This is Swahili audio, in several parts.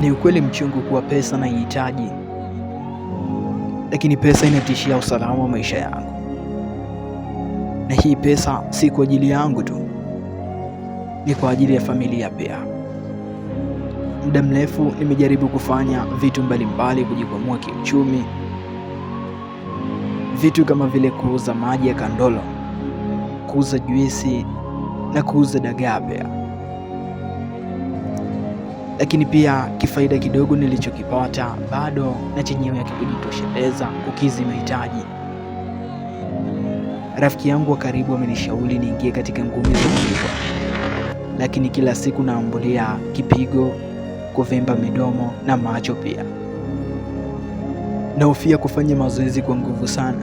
Ni ukweli mchungu kuwa pesa naihitaji, lakini pesa inatishia usalama wa maisha yangu, na hii pesa si kwa ajili yangu tu, ni kwa ajili ya familia pia. Muda mrefu nimejaribu kufanya vitu mbalimbali kujikwamua kiuchumi, vitu kama vile kuuza maji ya kandolo, kuuza juisi na kuuza dagaa pia lakini pia kifaida kidogo nilichokipata bado na chenyewe hakikujitosheleza kukizi mahitaji. Rafiki yangu wa karibu amenishauri niingie katika ngumi za kulipwa, lakini kila siku naambulia kipigo, kuvimba midomo na macho. Pia nahofia kufanya mazoezi kwa nguvu sana,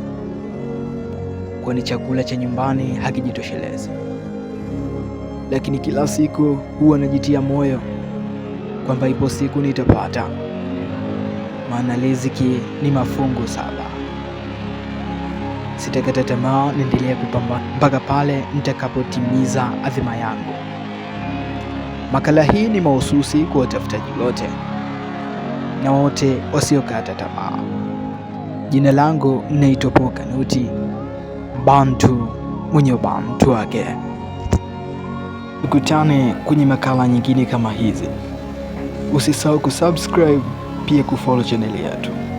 kwani chakula cha nyumbani hakijitoshelezi, lakini kila siku huwa najitia moyo kwamba ipo siku nitapata, maana riziki ni mafungu saba. Sitakata tamaa, niendelee kupambana mpaka pale nitakapotimiza adhima yangu. Makala hii ni mahususi kwa watafutaji wote na wote wasiokata tamaa. Jina langu naitwa Paul Kanuti, Bantu mwenye ubantu wake. Tukutane kwenye makala nyingine kama hizi. Usisahau kusubscribe pia kufollow chaneli yetu.